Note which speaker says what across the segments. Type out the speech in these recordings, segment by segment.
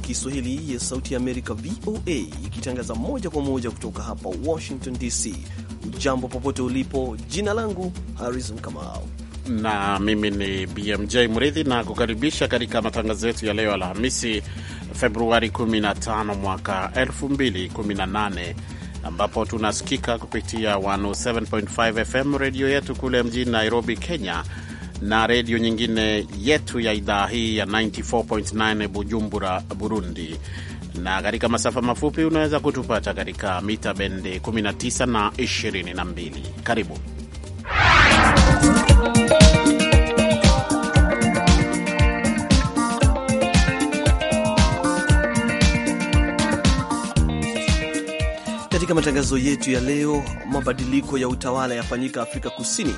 Speaker 1: ya Kiswahili ya Sauti ya Amerika, VOA, ikitangaza moja kwa moja kutoka hapa Washington DC. Ujambo popote ulipo, jina langu Harrison Kamau
Speaker 2: na mimi ni BMJ Mridhi na kukaribisha katika matangazo yetu ya leo Alhamisi, Februari 15 mwaka 2018 ambapo tunasikika kupitia 107.5 FM redio yetu kule mjini Nairobi, Kenya, na redio nyingine yetu ya idhaa hii ya 94.9 Bujumbura, Burundi. Na katika masafa mafupi unaweza kutupata katika mita bendi 19 na 22. Karibu
Speaker 1: katika matangazo yetu ya leo. Mabadiliko ya utawala yafanyika Afrika Kusini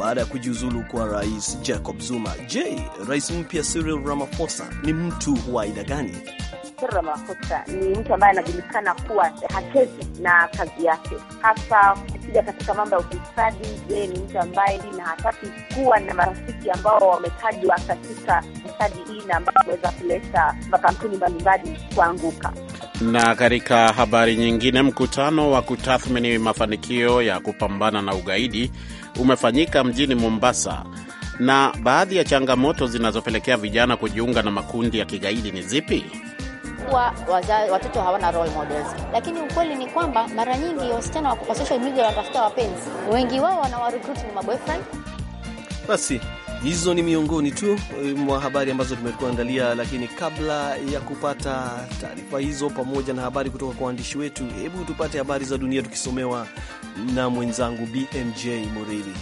Speaker 1: baada ya kujiuzulu kwa rais Jacob Zuma. Je, rais mpya Cyril Ramaphosa ni mtu wa aina gani?
Speaker 3: Cyril Ramaphosa ni mtu ambaye anajulikana kuwa hachezi na kazi yake, hasa ukija katika mambo ya ufisadi. Yeye ni mtu ambaye na hataki kuwa na marafiki ambao wametajwa katika ufisadi hii na ambao waweza kuleta makampuni mbalimbali kuanguka.
Speaker 2: Na katika habari nyingine, mkutano wa kutathmini mafanikio ya kupambana na ugaidi umefanyika mjini Mombasa na baadhi ya changamoto zinazopelekea vijana kujiunga na makundi ya kigaidi ni zipi?
Speaker 4: kuwa watoto hawana role models, lakini ukweli ni kwamba mara nyingi wasichana wako kwa social media wanatafuta wapenzi, wengi wao wanawarecruit ni maboyfriend.
Speaker 1: Basi hizo ni miongoni tu eh, mwa habari ambazo tumekuandalia, lakini kabla ya kupata taarifa hizo pamoja na habari kutoka kwa waandishi wetu, hebu tupate habari za dunia tukisomewa na mwenzangu BMJ
Speaker 2: Muridhi.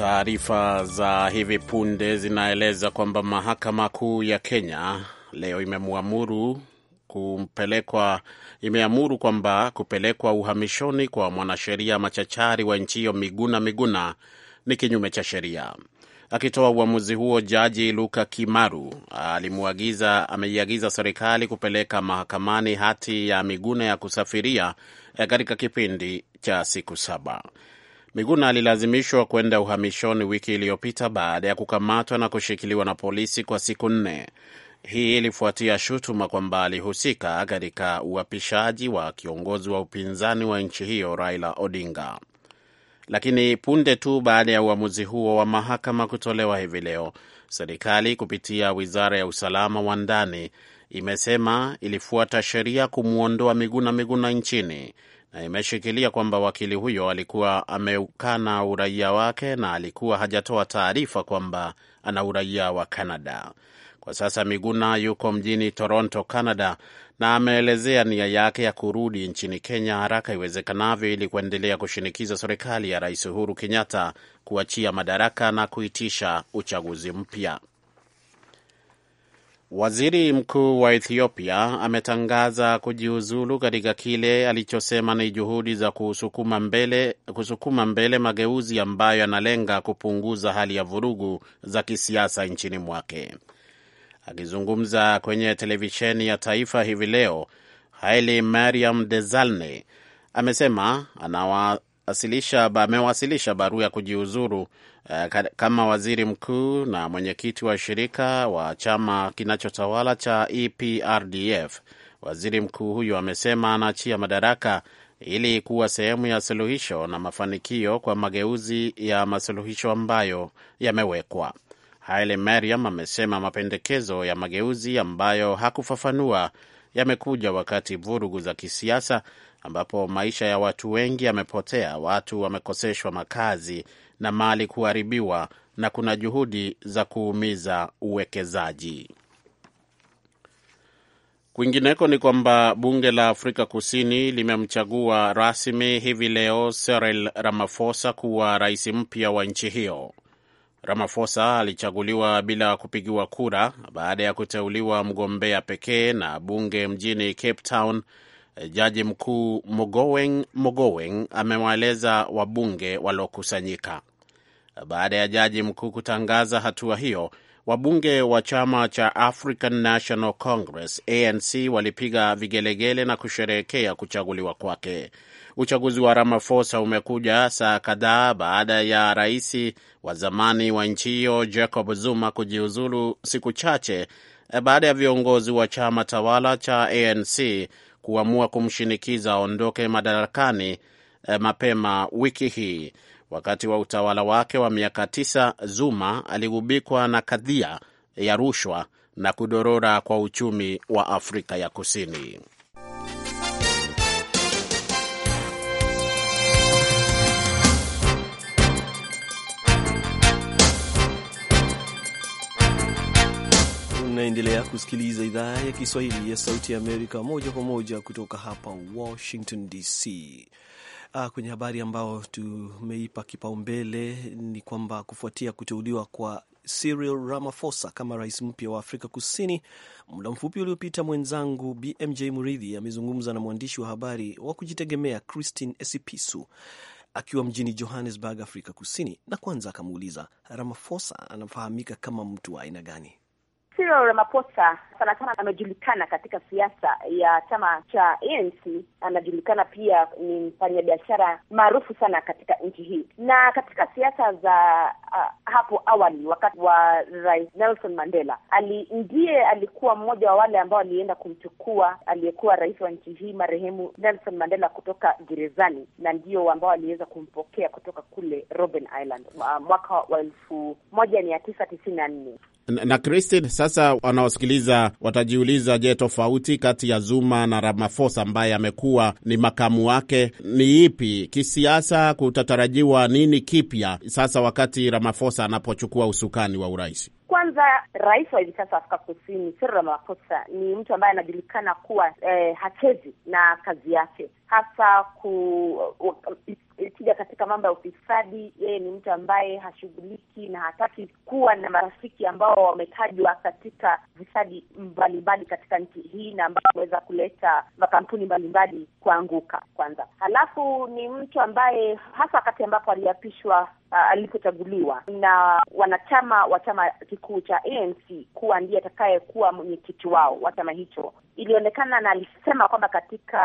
Speaker 2: Taarifa za hivi punde zinaeleza kwamba mahakama kuu ya Kenya leo imemwamuru kumpelekwa imeamuru kwamba kupelekwa uhamishoni kwa mwanasheria machachari wa nchi hiyo Miguna Miguna ni kinyume cha sheria. Akitoa uamuzi huo, jaji Luka Kimaru alimuagiza ameiagiza serikali kupeleka mahakamani hati ya Miguna ya kusafiria eh, katika kipindi cha siku saba. Miguna alilazimishwa kwenda uhamishoni wiki iliyopita baada ya kukamatwa na kushikiliwa na polisi kwa siku nne. Hii ilifuatia shutuma kwamba alihusika katika uapishaji wa kiongozi wa upinzani wa nchi hiyo Raila Odinga. Lakini punde tu baada ya uamuzi huo wa mahakama kutolewa hivi leo, serikali kupitia wizara ya usalama wa ndani imesema ilifuata sheria kumwondoa Miguna Miguna nchini na imeshikilia kwamba wakili huyo alikuwa ameukana uraia wake na alikuwa hajatoa taarifa kwamba ana uraia wa Canada. Kwa sasa Miguna yuko mjini Toronto, Canada, na ameelezea nia yake ya kurudi nchini Kenya haraka iwezekanavyo ili kuendelea kushinikiza serikali ya Rais Uhuru Kenyatta kuachia madaraka na kuitisha uchaguzi mpya. Waziri mkuu wa Ethiopia ametangaza kujiuzulu katika kile alichosema ni juhudi za kusukuma mbele, kusukuma mbele mageuzi ambayo yanalenga kupunguza hali ya vurugu za kisiasa nchini mwake. Akizungumza kwenye televisheni ya taifa hivi leo, Haile Mariam Desalegn amesema amewasilisha barua ya kujiuzuru Eh, kama waziri mkuu na mwenyekiti wa shirika wa chama kinachotawala cha EPRDF. Waziri mkuu huyo amesema anaachia madaraka ili kuwa sehemu ya suluhisho na mafanikio kwa mageuzi ya masuluhisho ambayo yamewekwa. Haile Mariam amesema mapendekezo ya mageuzi ambayo hakufafanua yamekuja wakati vurugu za kisiasa ambapo maisha ya watu wengi yamepotea, watu wamekoseshwa makazi na mali kuharibiwa na kuna juhudi za kuumiza uwekezaji. Kwingineko ni kwamba bunge la Afrika Kusini limemchagua rasmi hivi leo Cyril Ramaphosa kuwa rais mpya wa nchi hiyo. Ramaphosa alichaguliwa bila kupigiwa kura baada ya kuteuliwa mgombea pekee na bunge mjini Cape Town. Jaji mkuu Mgoeng mogoweng amewaeleza wabunge waliokusanyika baada ya jaji mkuu kutangaza hatua hiyo. Wabunge wa chama cha African National Congress ANC walipiga vigelegele na kusherehekea kuchaguliwa kwake. Uchaguzi wa Ramaphosa umekuja saa kadhaa baada ya rais wa zamani wa nchi hiyo Jacob Zuma kujiuzulu siku chache eh, baada ya viongozi wa chama tawala cha ANC kuamua kumshinikiza aondoke madarakani eh, mapema wiki hii. Wakati wa utawala wake wa miaka tisa, Zuma aligubikwa na kadhia ya rushwa na kudorora kwa uchumi wa Afrika ya Kusini.
Speaker 1: Unaendelea kusikiliza idhaa ya Kiswahili ya Sauti ya Amerika moja kwa moja kutoka hapa Washington DC. Ah, kwenye habari ambayo tumeipa kipaumbele ni kwamba kufuatia kuteuliwa kwa Cyril Ramaphosa kama rais mpya wa Afrika Kusini, muda mfupi uliopita, mwenzangu BMJ Muridhi amezungumza na mwandishi wa habari wa kujitegemea Christine Esipisu akiwa mjini Johannesburg, Afrika Kusini, na kwanza akamuuliza Ramaphosa anafahamika kama mtu wa aina gani?
Speaker 3: Cyril Ramaphosa sana sana amejulikana katika siasa ya chama cha ANC. Anajulikana pia ni mfanyabiashara maarufu sana katika nchi hii, na katika siasa za uh, hapo awali wakati wa Rais Nelson Mandela ali, ndiye alikuwa mmoja wa wale ambao alienda kumchukua aliyekuwa rais wa nchi hii marehemu Nelson Mandela kutoka gerezani, na ndio ambao aliweza kumpokea kutoka kule Robben Island uh, mwaka wa elfu moja mia tisa tisini na nne
Speaker 2: na Christine, sasa wanaosikiliza watajiuliza, je, tofauti kati ya Zuma na Ramaphosa ambaye amekuwa ni makamu wake ni ipi kisiasa? Kutatarajiwa nini kipya sasa wakati Ramaphosa anapochukua usukani wa urais?
Speaker 3: Kwanza, rais wa hivi sasa Afrika Kusini Cyril Ramaphosa ni mtu ambaye anajulikana kuwa eh, hachezi na kazi yake hasa ikija katika mambo ya ufisadi. Yeye ni mtu ambaye hashughuliki na hataki kuwa na marafiki ambao wametajwa katika visadi mbalimbali katika nchi hii na ambao wameweza kuleta makampuni mbalimbali kuanguka kwanza. Halafu ni mtu ambaye hasa wakati ambapo aliapishwa Uh, alipochaguliwa na wanachama wa chama kikuu cha ANC kuwa ndiye atakayekuwa mwenyekiti wao wa chama hicho, ilionekana na alisema kwamba katika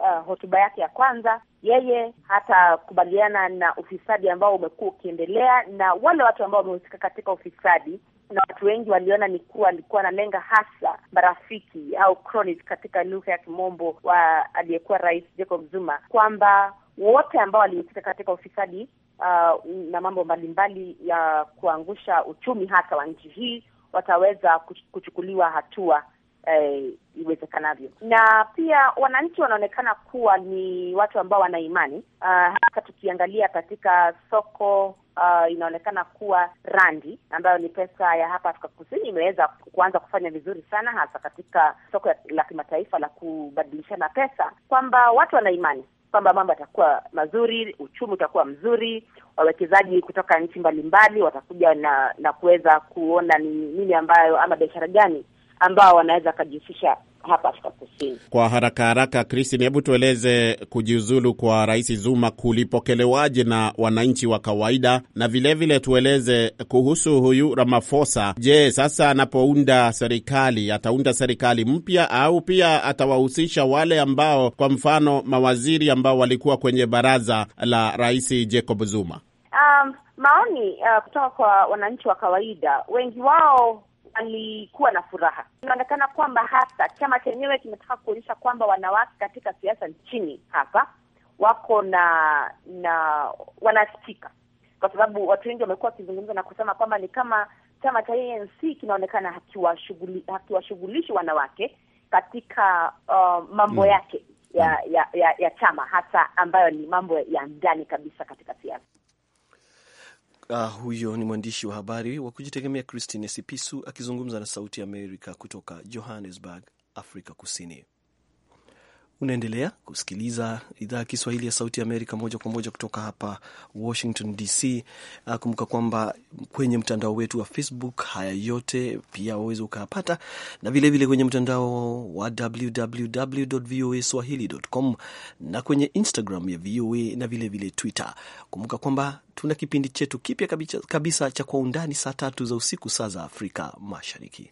Speaker 3: uh, hotuba yake ya kwanza, yeye kubaliana na ufisadi ambao umekuwa ukiendelea na wale watu ambao wamehusika katika ufisadi na watu wengi waliona ni kuwa alikuwa analenga hasa marafiki au cronies katika lugha ya kimombo wa aliyekuwa rais Jacob Zuma, kwamba wote ambao walihusika katika ufisadi uh, na mambo mbalimbali ya kuangusha uchumi hasa wa nchi hii wataweza kuchukuliwa hatua eh, iwezekanavyo. Na pia wananchi wanaonekana kuwa ni watu ambao wana imani uh, ah, hasa tukiangalia katika soko Uh, inaonekana kuwa randi ambayo ni pesa ya hapa Afrika Kusini imeweza kuanza kufanya vizuri sana, hasa katika soko la kimataifa la kubadilishana pesa, kwamba watu wana imani kwamba mambo yatakuwa mazuri, uchumi utakuwa mzuri, wawekezaji kutoka nchi mbalimbali watakuja na na kuweza kuona ni nini ambayo ama biashara gani ambao wanaweza akajihusisha hapa Afrika Kusini.
Speaker 2: Kwa haraka haraka, Christine, hebu tueleze kujiuzulu kwa Rais Zuma kulipokelewaje na wananchi wa kawaida, na vilevile vile tueleze kuhusu huyu Ramaphosa. Je, sasa anapounda serikali ataunda serikali mpya au pia atawahusisha wale ambao, kwa mfano, mawaziri ambao walikuwa kwenye baraza la Rais Jacob Zuma?
Speaker 3: Um, maoni uh, kutoka kwa wananchi wa kawaida wengi wao alikuwa na furaha. Inaonekana kwamba hasa chama chenyewe kimetaka kuonyesha kwamba wanawake katika siasa nchini hapa wako na na wanasikika, kwa sababu watu wengi wamekuwa wakizungumza na kusema kwamba ni kama chama cha ANC kinaonekana hakiwashughulishi hakiwa wanawake katika uh, mambo mm. yake ya, mm. ya, ya, ya chama hasa ambayo ni mambo ya ndani kabisa katika siasa.
Speaker 1: Uh, huyo ni mwandishi wa habari wa kujitegemea Christine Sipisu akizungumza na Sauti ya Amerika kutoka Johannesburg, Afrika Kusini. Unaendelea kusikiliza idhaa ya Kiswahili ya Sauti ya Amerika moja kwa moja kutoka hapa Washington DC. Ah, kumbuka kwamba kwenye mtandao wetu wa Facebook haya yote pia waweza ukayapata, na vilevile kwenye mtandao wa www voa swahili.com na kwenye Instagram ya VOA na vilevile Twitter. Kumbuka kwamba tuna kipindi chetu kipya kabisa cha Kwa Undani saa tatu za usiku saa za Afrika Mashariki.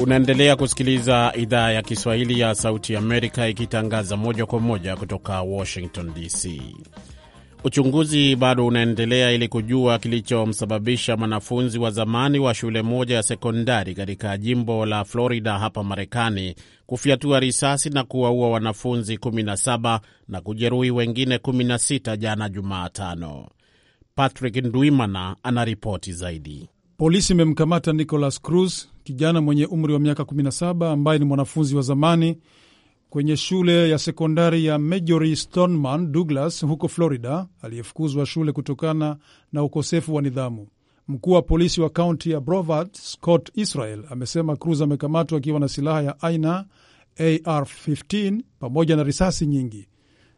Speaker 2: Unaendelea kusikiliza idhaa ya Kiswahili ya Sauti Amerika ikitangaza moja kwa moja kutoka Washington DC. Uchunguzi bado unaendelea ili kujua kilichomsababisha mwanafunzi wa zamani wa shule moja ya sekondari katika jimbo la Florida hapa Marekani kufyatua risasi na kuwaua wanafunzi 17 na kujeruhi wengine 16 jana Jumatano. Patrick Ndwimana anaripoti zaidi.
Speaker 5: Polisi imemkamata Nicolas Cruz kijana mwenye umri wa miaka 17 ambaye ni mwanafunzi wa zamani kwenye shule ya sekondari ya Majory Stoneman Douglas huko Florida, aliyefukuzwa shule kutokana na ukosefu wa nidhamu. Mkuu wa polisi wa kaunti ya brovard Scott Israel, amesema Cruz amekamatwa akiwa na silaha ya aina AR-15 pamoja na risasi nyingi.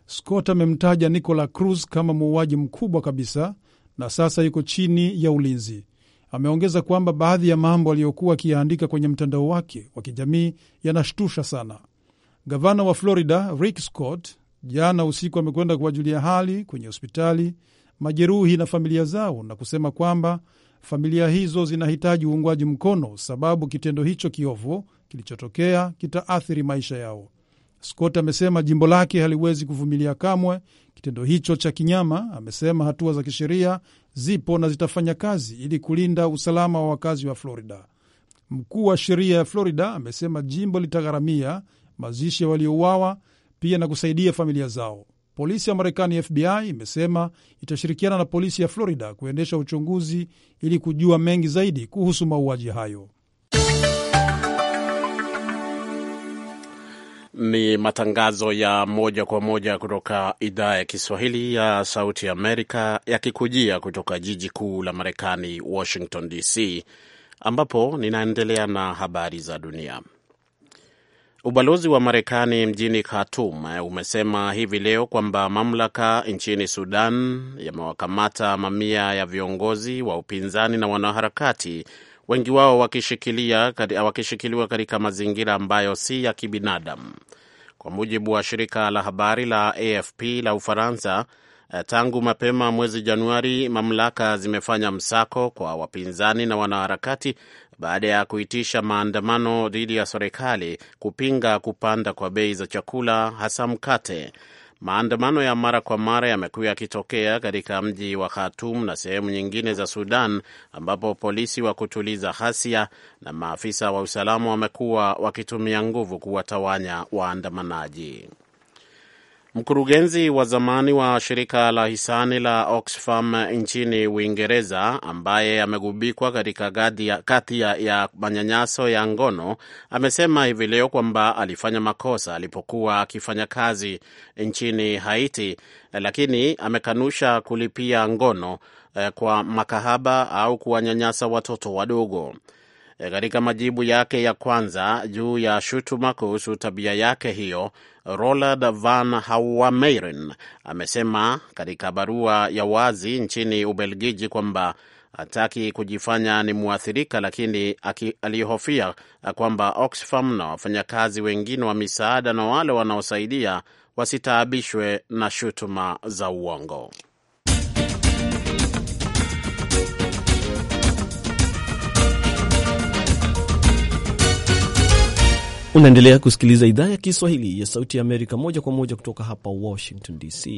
Speaker 5: Scott amemtaja Nicola Cruz kama muuaji mkubwa kabisa na sasa yuko chini ya ulinzi. Ameongeza kwamba baadhi ya mambo aliyokuwa akiyaandika kwenye mtandao wake wa kijamii yanashtusha sana. Gavana wa Florida Rick Scott jana usiku amekwenda kuwajulia hali kwenye hospitali majeruhi na familia zao na kusema kwamba familia hizo zinahitaji uungwaji mkono, sababu kitendo hicho kiovu kilichotokea kitaathiri maisha yao. Scott amesema jimbo lake haliwezi kuvumilia kamwe kitendo hicho cha kinyama. Amesema hatua za kisheria zipo na zitafanya kazi ili kulinda usalama wa wakazi wa Florida. Mkuu wa sheria ya Florida amesema jimbo litagharamia mazishi ya waliouawa pia na kusaidia familia zao. Polisi ya Marekani, FBI, imesema itashirikiana na polisi ya Florida kuendesha uchunguzi ili kujua mengi zaidi kuhusu mauaji hayo.
Speaker 2: Ni matangazo ya moja kwa moja kutoka idhaa ya Kiswahili ya Sauti ya Amerika yakikujia kutoka jiji kuu la Marekani, Washington DC, ambapo ninaendelea na habari za dunia. Ubalozi wa Marekani mjini Khartoum eh, umesema hivi leo kwamba mamlaka nchini Sudan yamewakamata mamia ya viongozi wa upinzani na wanaharakati, wengi wao wakishikiliwa katika mazingira ambayo si ya kibinadamu kwa mujibu wa shirika la habari la AFP la Ufaransa. Eh, tangu mapema mwezi Januari, mamlaka zimefanya msako kwa wapinzani na wanaharakati baada ya kuitisha maandamano dhidi ya serikali kupinga kupanda kwa bei za chakula, hasa mkate. Maandamano ya mara kwa mara yamekuwa yakitokea katika mji wa Khartoum na sehemu nyingine za Sudan, ambapo polisi wa kutuliza ghasia na maafisa wa usalama wamekuwa wakitumia nguvu kuwatawanya waandamanaji. Mkurugenzi wa zamani wa shirika la hisani la Oxfam nchini Uingereza, ambaye amegubikwa katika kati ya, ya manyanyaso ya ngono, amesema hivi leo kwamba alifanya makosa alipokuwa akifanya kazi nchini Haiti, lakini amekanusha kulipia ngono eh, kwa makahaba au kuwanyanyasa watoto wadogo. Eh, katika majibu yake ya kwanza juu ya shutuma kuhusu tabia yake hiyo Roland Van Hawameiren amesema katika barua ya wazi nchini Ubelgiji kwamba hataki kujifanya ni mwathirika, lakini alihofia kwamba Oxfam na wafanyakazi wengine wa misaada na wale wanaosaidia wasitaabishwe na shutuma za uongo.
Speaker 1: Unaendelea kusikiliza idhaa ya Kiswahili ya Sauti ya Amerika moja kwa moja kutoka hapa Washington DC.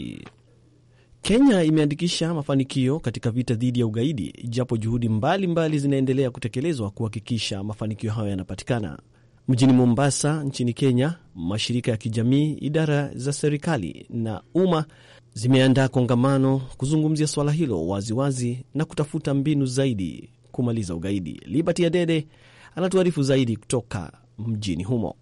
Speaker 1: Kenya imeandikisha mafanikio katika vita dhidi ya ugaidi, japo juhudi mbalimbali mbali zinaendelea kutekelezwa kuhakikisha mafanikio hayo yanapatikana. Mjini Mombasa nchini Kenya, mashirika ya kijamii, idara za serikali na umma zimeandaa kongamano kuzungumzia swala hilo waziwazi wazi na kutafuta mbinu zaidi kumaliza ugaidi. Liberty Adede
Speaker 6: anatuarifu zaidi kutoka mjini humo.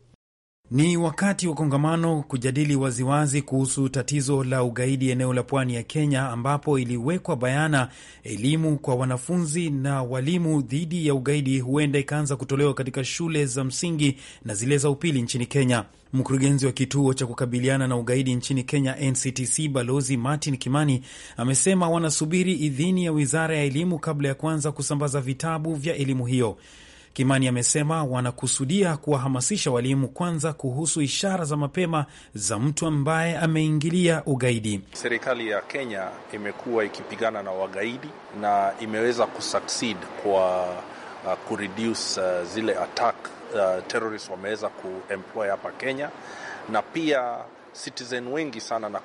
Speaker 6: Ni wakati wa kongamano kujadili waziwazi kuhusu tatizo la ugaidi eneo la pwani ya Kenya, ambapo iliwekwa bayana elimu kwa wanafunzi na walimu dhidi ya ugaidi huenda ikaanza kutolewa katika shule za msingi na zile za upili nchini Kenya. Mkurugenzi wa kituo cha kukabiliana na ugaidi nchini Kenya, NCTC, Balozi Martin Kimani, amesema wanasubiri idhini ya wizara ya elimu kabla ya kuanza kusambaza vitabu vya elimu hiyo. Kimani amesema wanakusudia kuwahamasisha walimu kwanza kuhusu ishara za mapema za mtu ambaye ameingilia ugaidi.
Speaker 5: Serikali ya Kenya imekuwa ikipigana na wagaidi na imeweza kusucceed kwa uh, kureduce uh, zile attack uh, terrorist wameweza kuemploy hapa Kenya na pia citizen wengi sana na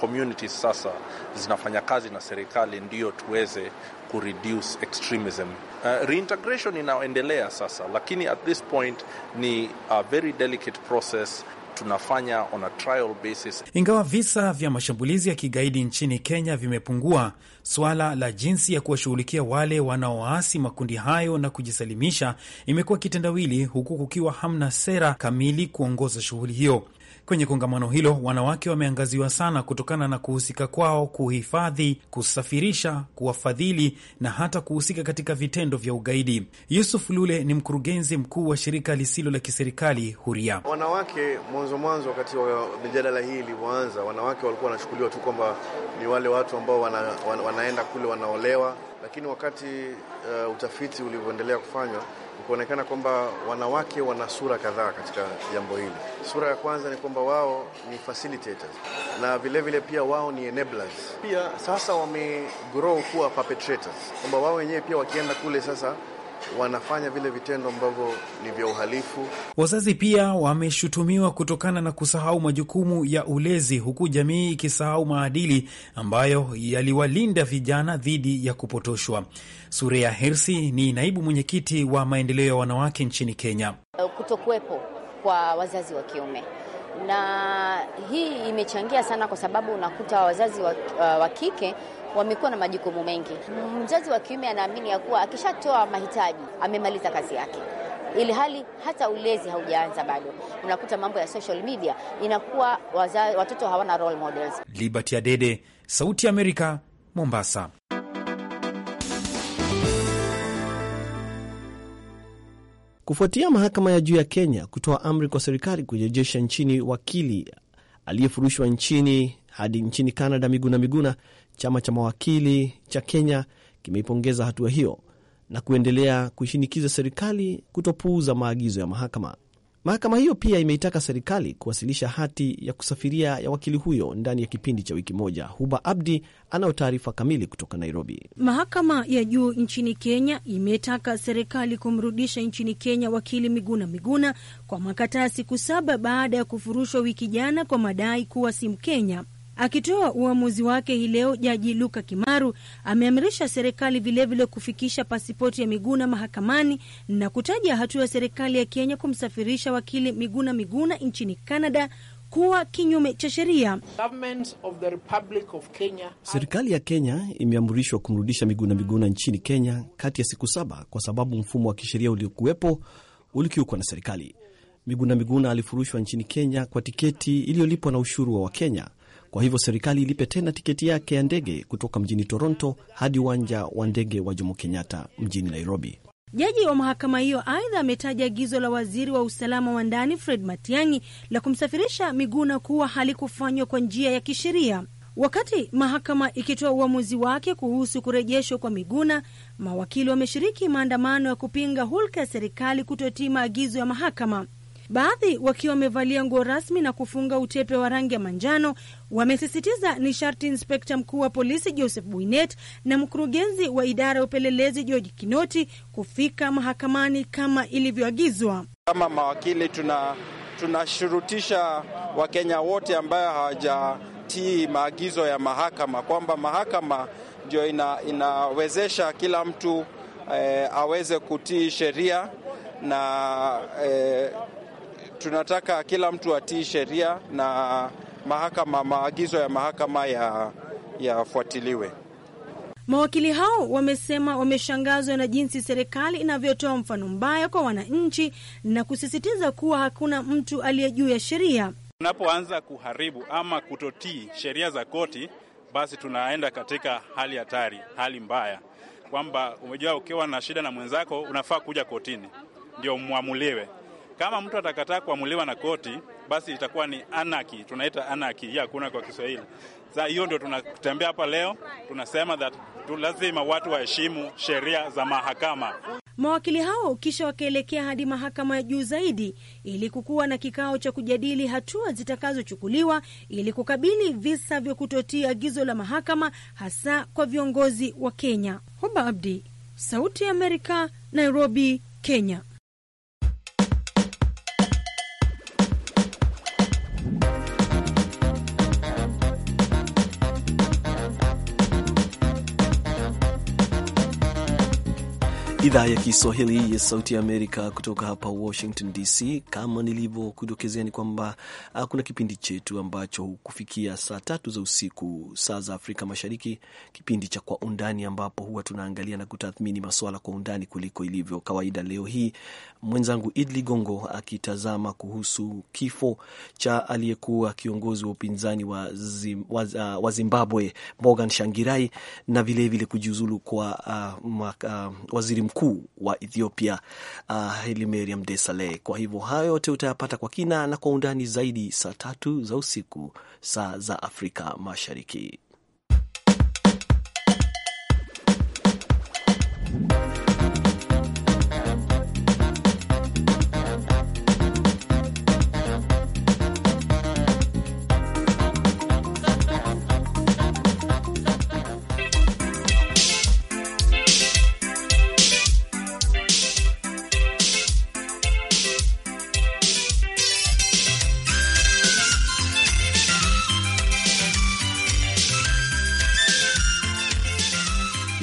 Speaker 5: communities sasa zinafanya kazi na serikali, ndio tuweze kureduce extremism. Uh, reintegration inaendelea sasa, lakini at this point ni a very delicate process tunafanya on a trial basis.
Speaker 6: Ingawa visa vya mashambulizi ya kigaidi nchini Kenya vimepungua, swala la jinsi ya kuwashughulikia wale wanaoasi makundi hayo na kujisalimisha imekuwa kitendawili, huku kukiwa hamna sera kamili kuongoza shughuli hiyo. Kwenye kongamano hilo wanawake wameangaziwa sana kutokana na kuhusika kwao kuhifadhi, kusafirisha, kuwafadhili na hata kuhusika katika vitendo vya ugaidi. Yusuf Lule ni mkurugenzi mkuu wa shirika lisilo la kiserikali Huria.
Speaker 1: Wanawake mwanzo mwanzo, wakati wa mijadala hii ilivyoanza, wanawake walikuwa wanachukuliwa tu kwamba ni wale watu ambao wana, wana, wanaenda kule wanaolewa, lakini wakati uh, utafiti ulivyoendelea kufanywa kuonekana kwamba wanawake wana sura kadhaa katika jambo hili. Sura ya kwanza ni kwamba wao ni facilitators na vilevile vile pia wao ni enablers. Pia sasa wamegrow kuwa perpetrators, kwamba wao wenyewe pia wakienda kule sasa wanafanya vile vitendo ambavyo ni vya uhalifu.
Speaker 6: Wazazi pia wameshutumiwa kutokana na kusahau majukumu ya ulezi, huku jamii ikisahau maadili ambayo yaliwalinda vijana dhidi ya kupotoshwa. ya Hersi ni naibu mwenyekiti wa maendeleo ya wanawake nchini Kenya.
Speaker 3: Kutokuwepo kwa wazazi wa kiume
Speaker 4: na hii imechangia sana, kwa sababu unakuta wazazi wa, uh, wa kike wamekuwa na majukumu mengi. Mzazi wa kiume anaamini ya kuwa akishatoa mahitaji amemaliza kazi yake, ili hali hata ulezi haujaanza bado. Unakuta mambo ya social media inakuwa wazazi, watoto hawana role models.
Speaker 6: Liberty Adede, Sauti ya Amerika, Mombasa.
Speaker 1: kufuatia mahakama ya juu ya Kenya kutoa amri kwa serikali kurejesha nchini wakili aliyefurushwa nchini hadi nchini Canada Miguna Miguna. Chama cha mawakili cha Kenya kimeipongeza hatua hiyo na kuendelea kuishinikiza serikali kutopuuza maagizo ya mahakama. Mahakama hiyo pia imeitaka serikali kuwasilisha hati ya kusafiria ya wakili huyo ndani ya kipindi cha wiki moja. Huba Abdi anayo taarifa kamili kutoka Nairobi.
Speaker 7: Mahakama ya juu nchini Kenya imetaka serikali kumrudisha nchini Kenya wakili Miguna Miguna kwa makataa siku saba baada ya kufurushwa wiki jana kwa madai kuwa si Mkenya. Akitoa uamuzi wake hii leo, Jaji Luka Kimaru ameamrisha serikali vilevile kufikisha pasipoti ya Miguna mahakamani na kutaja hatua ya serikali ya Kenya kumsafirisha wakili Miguna Miguna nchini Canada kuwa kinyume cha sheria.
Speaker 1: Serikali ya Kenya imeamrishwa kumrudisha Miguna Miguna nchini Kenya kati ya siku saba kwa sababu mfumo wa kisheria uliokuwepo ulikiukwa na serikali. Miguna Miguna alifurushwa nchini Kenya kwa tiketi iliyolipwa na ushuru wa Wakenya kwa hivyo serikali ilipe tena tiketi yake ya ndege kutoka mjini Toronto hadi uwanja wa ndege wa Jomo Kenyatta mjini Nairobi.
Speaker 7: Jaji wa mahakama hiyo aidha ametaja agizo la waziri wa usalama wa ndani Fred Matiang'i la kumsafirisha Miguna kuwa halikufanywa kwa njia ya kisheria. Wakati mahakama ikitoa uamuzi wake kuhusu kurejeshwa kwa Miguna, mawakili wameshiriki maandamano ya kupinga hulka ya serikali kutotii maagizo ya mahakama baadhi wakiwa wamevalia nguo rasmi na kufunga utepe wa rangi ya manjano, wamesisitiza ni sharti inspekta mkuu wa polisi Joseph Buinet na mkurugenzi wa idara ya upelelezi George Kinoti kufika mahakamani kama
Speaker 5: ilivyoagizwa. Kama mawakili tuna tunashurutisha Wakenya wote ambayo hawajatii maagizo ya mahakama kwamba mahakama ndio ina, inawezesha kila mtu eh, aweze kutii sheria na eh, tunataka kila mtu atii sheria na mahakama, maagizo ya mahakama yafuatiliwe ya
Speaker 7: Mawakili hao wamesema wameshangazwa na jinsi serikali inavyotoa mfano mbaya kwa wananchi na kusisitiza kuwa hakuna mtu aliye juu ya sheria.
Speaker 2: Tunapoanza kuharibu ama kutotii sheria za koti, basi tunaenda katika hali hatari, hali mbaya, kwamba umejua, ukiwa na shida na mwenzako unafaa kuja kotini
Speaker 5: ndio mwamuliwe. Kama mtu atakataa kuamuliwa na koti, basi itakuwa ni anaki, tunaita anaki ya kuna kwa Kiswahili. sa hiyo ndio tunatembea hapa leo, tunasema that lazima watu waheshimu sheria za mahakama.
Speaker 7: Mawakili hao kisha wakaelekea hadi mahakama ya juu zaidi ili kukuwa na kikao cha kujadili hatua zitakazochukuliwa ili kukabili visa vya kutotii agizo la mahakama hasa kwa viongozi wa Kenya. Hoba Abdi, Sauti ya Amerika, Nairobi, Kenya.
Speaker 1: Idhaa ya Kiswahili ya Sauti ya Amerika kutoka hapa Washington DC. Kama nilivyokudokezea, ni kwamba ah, kuna kipindi chetu ambacho hukufikia saa tatu za usiku, saa za Afrika Mashariki, kipindi cha Kwa Undani, ambapo huwa tunaangalia na kutathmini maswala kwa undani kuliko ilivyo kawaida. Leo hii mwenzangu Id Ligongo akitazama kuhusu kifo cha aliyekuwa kiongozi wa upinzani wa, zim, wa, uh, wa Zimbabwe Morgan Shangirai na vilevile kujiuzulu kwa uh, uh, waziri mkuu wa Ethiopia uh, Hailemariam Desalegn. Kwa hivyo hayo yote utayapata kwa kina na kwa undani zaidi saa tatu za usiku saa za Afrika Mashariki.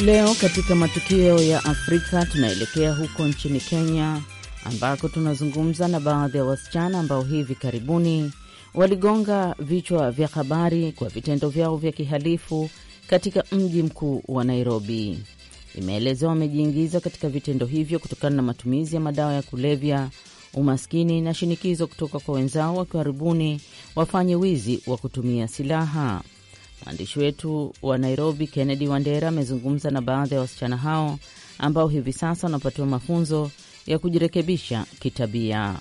Speaker 7: Leo katika matukio ya Afrika tunaelekea huko nchini Kenya ambako tunazungumza na baadhi ya wasichana ambao hivi karibuni waligonga vichwa vya habari kwa vitendo vyao vya kihalifu katika mji mkuu wa Nairobi. Imeelezewa wamejiingiza katika vitendo hivyo kutokana na matumizi ya madawa ya kulevya, umaskini na shinikizo kutoka kwa wenzao wakiwaribuni wafanye wizi wa kutumia silaha. Mwandishi wetu wa Nairobi, Kennedy Wandera, amezungumza na baadhi ya wasichana hao ambao hivi sasa wanapatiwa mafunzo ya kujirekebisha kitabia.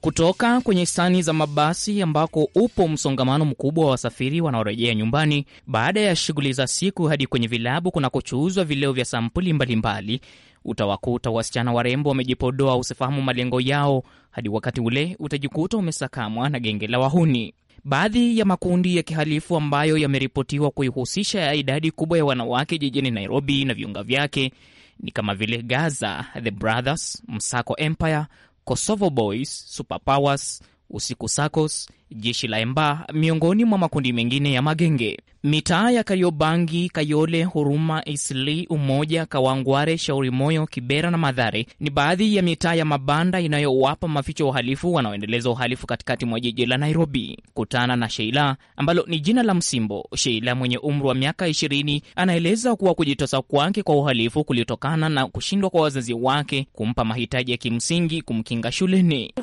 Speaker 7: Kutoka kwenye stani za mabasi ambako upo
Speaker 8: msongamano mkubwa wa wasafiri wanaorejea nyumbani baada ya shughuli za siku hadi kwenye vilabu kunakochuuzwa vileo vya sampuli mbalimbali, utawakuta wasichana warembo wamejipodoa usifahamu malengo yao, hadi wakati ule utajikuta umesakamwa na genge la wahuni. Baadhi ya makundi ya kihalifu ambayo yameripotiwa kuihusisha ya idadi kubwa ya wanawake jijini Nairobi na viunga vyake ni kama vile Gaza The Brothers, Msako Empire, Kosovo Boys, Superpowers, Usiku Sakos, jeshi la Emba, miongoni mwa makundi mengine ya magenge. Mitaa ya Kariobangi, Kayole, Huruma, Isli, Umoja, Kawangware, Shauri Moyo, Kibera na Madhare ni baadhi ya mitaa ya mabanda inayowapa maficho uhalifu wanaoendeleza uhalifu katikati mwa jiji la Nairobi. Kutana na Sheila ambalo ni jina la msimbo. Sheila mwenye umri wa miaka ishirini anaeleza kuwa kujitosa kwake kwa uhalifu kulitokana na kushindwa kwa wazazi wake kumpa mahitaji ya kimsingi kumkinga shuleni.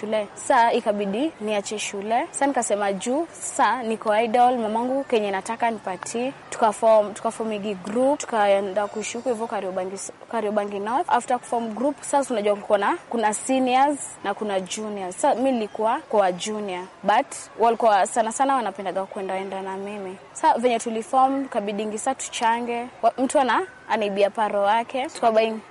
Speaker 4: Shule saa ikabidi niache shule. Sa nikasema juu sa niko idol, mamangu kenye nataka nipatie. Tukaform tukafomigi group, tukaenda kushuku hivyo Kariobangi, Kariobangi North. After kuform group, sasa unajua kulikuwa kuna seniors na kuna juniors. Sa mi nilikuwa kwa junior, but walikuwa sana sana wanapendaga kuendaenda na mimi. Sa venye tuliform kabidingi, sa tuchange mtu ana anaibia paro wake,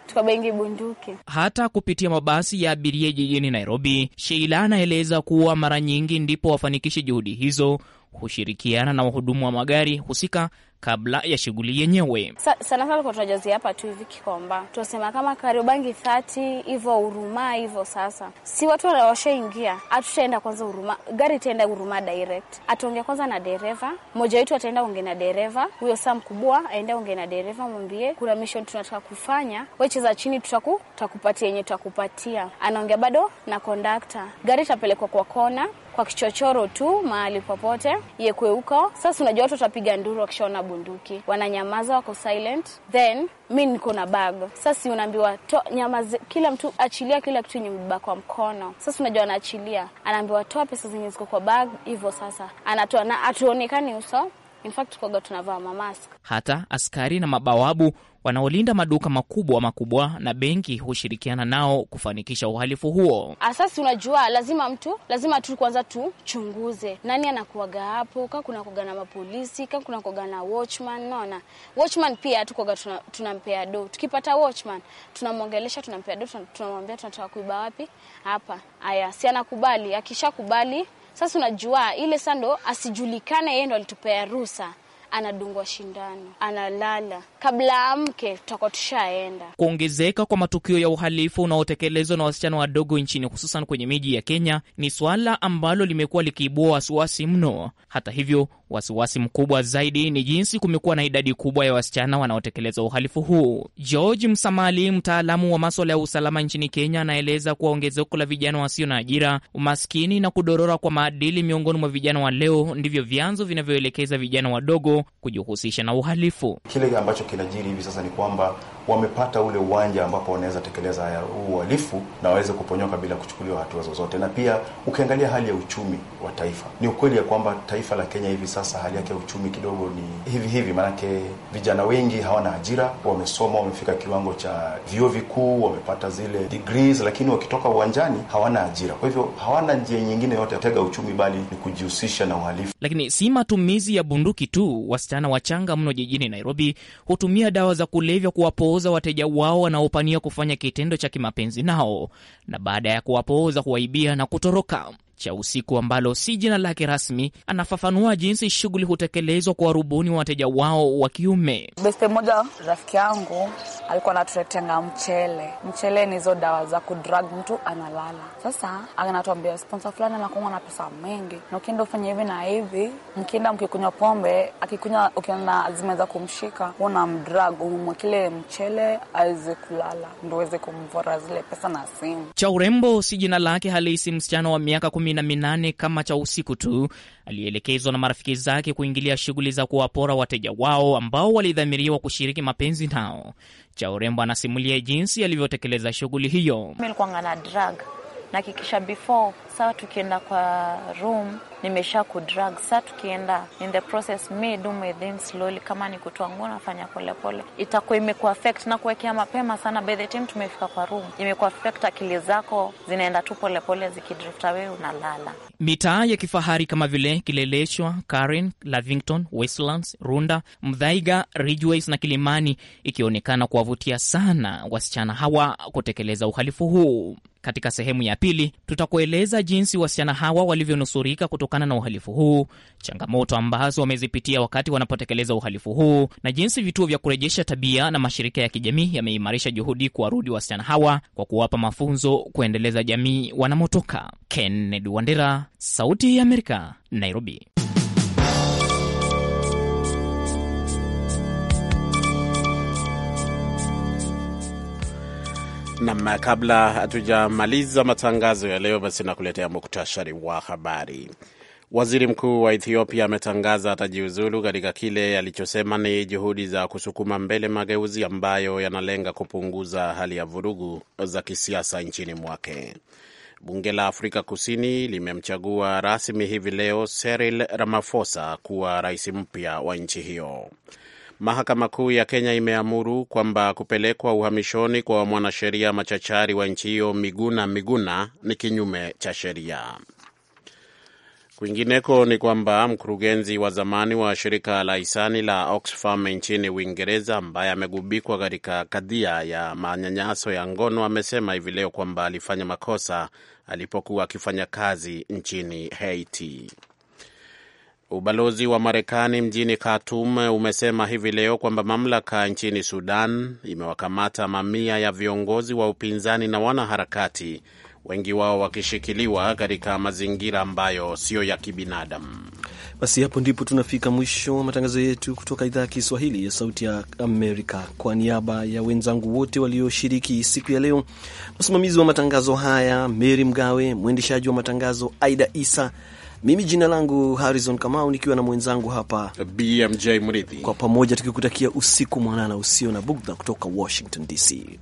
Speaker 4: tukabaingi bunduki.
Speaker 8: Hata kupitia mabasi ya abiria jijini Nairobi, Sheila anaeleza kuwa mara nyingi ndipo wafanikishe juhudi hizo, hushirikiana na wahudumu wa magari husika kabla ya shughuli yenyewe.
Speaker 4: Sa, sana sana tulikuwa tunajazia hapa tu hivi Kikomba, tunasema kama Kariobangi thati hivyo Urumaa hivyo. Sasa si watu washaingia, hatutaenda kwanza Urumaa, gari itaenda uruma direct. Ataongea kwanza na dereva mmoja wetu, ataenda ongea na dereva huyo, saa mkubwa aende ongea na dereva, mwambie kuna mission tunataka kufanya, wecheza chini, tutakupatia yenye tutakupatia. Anaongea bado na kondakta, gari itapelekwa kwa kona kwa kichochoro tu mahali popote yekwe huko. Sasa unajua watu watapiga nduru wakishaona bunduki, wananyamaza, wako silent. Then mi niko na bag sasa unaambiwa nyamaza, kila mtu achilia kila kitu yenye mbeba kwa mkono. Sasa unajua anaachilia, anaambiwa toa pesa zenye ziko kwa bag, hivyo sasa anatoa na hatuonekani uso In fact tukaga tunavaa mamask.
Speaker 8: Hata askari na mabawabu wanaolinda maduka makubwa makubwa na benki hushirikiana nao kufanikisha uhalifu huo.
Speaker 4: Asasi unajua, lazima mtu lazima tu kwanza tuchunguze nani anakuaga hapo, ka kuna kuaga na mapolisi, ka kuna kuaga na watchman. Naona watchman pia tukoga tunampea tuna do, tukipata watchman tunamwongelesha, tunampea do, tunamwambia tunataka kuiba wapi hapa. Aya, si anakubali, akishakubali sasa unajua ile sando asijulikane, yeye ndo alitupea ruhusa anadungwa shindano, analala kabla amke, tutakuwa tushaenda.
Speaker 8: Kuongezeka kwa matukio ya uhalifu unaotekelezwa na wasichana wadogo nchini, hususan kwenye miji ya Kenya, ni suala ambalo limekuwa likiibua wasiwasi mno. Hata hivyo, wasiwasi mkubwa zaidi ni jinsi kumekuwa na idadi kubwa ya wasichana wanaotekeleza uhalifu huu. George Msamali, mtaalamu wa maswala ya usalama nchini Kenya, anaeleza kuwa ongezeko la vijana wasio na ajira, umaskini na kudorora kwa maadili miongoni mwa vijana wa leo ndivyo vyanzo vinavyoelekeza vijana wadogo kujihusisha na uhalifu. Kile
Speaker 6: ambacho kinajiri hivi sasa ni kwamba wamepata ule uwanja ambapo wanaweza tekeleza haya uhalifu na waweze kuponyoka bila kuchukuliwa hatua zozote. Na pia ukiangalia hali ya uchumi wa taifa, ni ukweli ya kwamba taifa la Kenya hivi sasa hali yake ya uchumi kidogo ni hivi hivi, maanake vijana wengi hawana ajira, wamesoma, wamefika kiwango cha vyuo vikuu, wamepata zile degrees, lakini wakitoka uwanjani hawana ajira. Kwa hivyo hawana njia nyingine yote tega uchumi, bali ni kujihusisha na uhalifu.
Speaker 8: Lakini si matumizi ya bunduki tu, wasichana wachanga mno jijini Nairobi hutumia dawa za kulevya kuwapoza kuwapooza wateja wao wanaopania kufanya kitendo cha kimapenzi nao, na baada ya kuwapooza kuwaibia na kutoroka cha usiku ambalo si jina lake rasmi, anafafanua jinsi shughuli hutekelezwa kwa warubuni wa wateja wao wa kiume.
Speaker 4: Beste mmoja rafiki yangu alikuwa anatuletenga mchele. Mchele ni hizo dawa za kudrag mtu analala. Sasa anatuambia sponsa fulani anakuanga na pesa mengi, na ukienda ufanya hivi na hivi, mkienda mkikunywa pombe, akikunywa ukiona zimeweza kumshika, una mdrag kile mchele aweze kulala, ndo uweze kumvora zile pesa na simu.
Speaker 8: Cha urembo si jina lake halisi. Msichana wa miaka kumi kumi na minane kama cha usiku tu, alielekezwa na marafiki zake kuingilia shughuli za kuwapora wateja wao ambao walidhamiriwa kushiriki mapenzi nao. Cha Urembo anasimulia jinsi alivyotekeleza shughuli hiyo.
Speaker 4: Nilikuwa na drug nahakikisha before saa tukienda kwa room nimesha ku drug Saa tukienda in the process me do my thing slowly, kama ni kutoa nguo nafanya polepole, itakuwa imekuwa affect na kuwekea mapema sana. By the time tumefika kwa room imekuwa affect, akili zako zinaenda tu polepole, zikidrift away unalala.
Speaker 8: Mitaa ya kifahari kama vile Kileleshwa, Karen, Lavington, Westlands, Runda, Mdhaiga, Ridgeways na Kilimani ikionekana kuwavutia sana wasichana hawa kutekeleza uhalifu huu. Katika sehemu ya pili tutakueleza jinsi wasichana hawa walivyonusurika kutokana na uhalifu huu, changamoto ambazo wamezipitia wakati wanapotekeleza uhalifu huu, na jinsi vituo vya kurejesha tabia na mashirika ya kijamii yameimarisha juhudi kuwarudi wasichana hawa kwa kuwapa mafunzo kuendeleza jamii wanamotoka. Kennedy Wandera, Sauti ya Amerika,
Speaker 2: Nairobi. Nam, kabla hatujamaliza matangazo ya leo, basi nakuletea muktasari wa habari. Waziri mkuu wa Ethiopia ametangaza atajiuzulu katika kile alichosema ni juhudi za kusukuma mbele mageuzi ambayo yanalenga kupunguza hali ya vurugu za kisiasa nchini mwake. Bunge la Afrika Kusini limemchagua rasmi hivi leo Cyril Ramaphosa kuwa rais mpya wa nchi hiyo. Mahakama Kuu ya Kenya imeamuru kwamba kupelekwa uhamishoni kwa mwanasheria machachari wa nchi hiyo Miguna Miguna ni kinyume cha sheria. Kwingineko ni kwamba mkurugenzi wa zamani wa shirika la hisani la Oxfam nchini Uingereza, ambaye amegubikwa katika kadhia ya manyanyaso ya ngono, amesema hivi leo kwamba alifanya makosa alipokuwa akifanya kazi nchini Haiti. Ubalozi wa Marekani mjini Khartoum umesema hivi leo kwamba mamlaka nchini Sudan imewakamata mamia ya viongozi wa upinzani na wanaharakati, wengi wao wakishikiliwa katika mazingira ambayo siyo ya kibinadamu.
Speaker 1: Basi hapo ndipo tunafika mwisho wa matangazo yetu kutoka idhaa ya Kiswahili ya Sauti ya Amerika. Kwa niaba ya wenzangu wote walioshiriki siku ya leo, msimamizi wa matangazo haya Meri Mgawe, mwendeshaji wa matangazo Aida Isa mimi jina langu Harrison Kamau, nikiwa na mwenzangu hapa
Speaker 2: BMJ mridhi kwa
Speaker 1: pamoja tukikutakia usiku mwanana usio na bugdha kutoka Washington DC.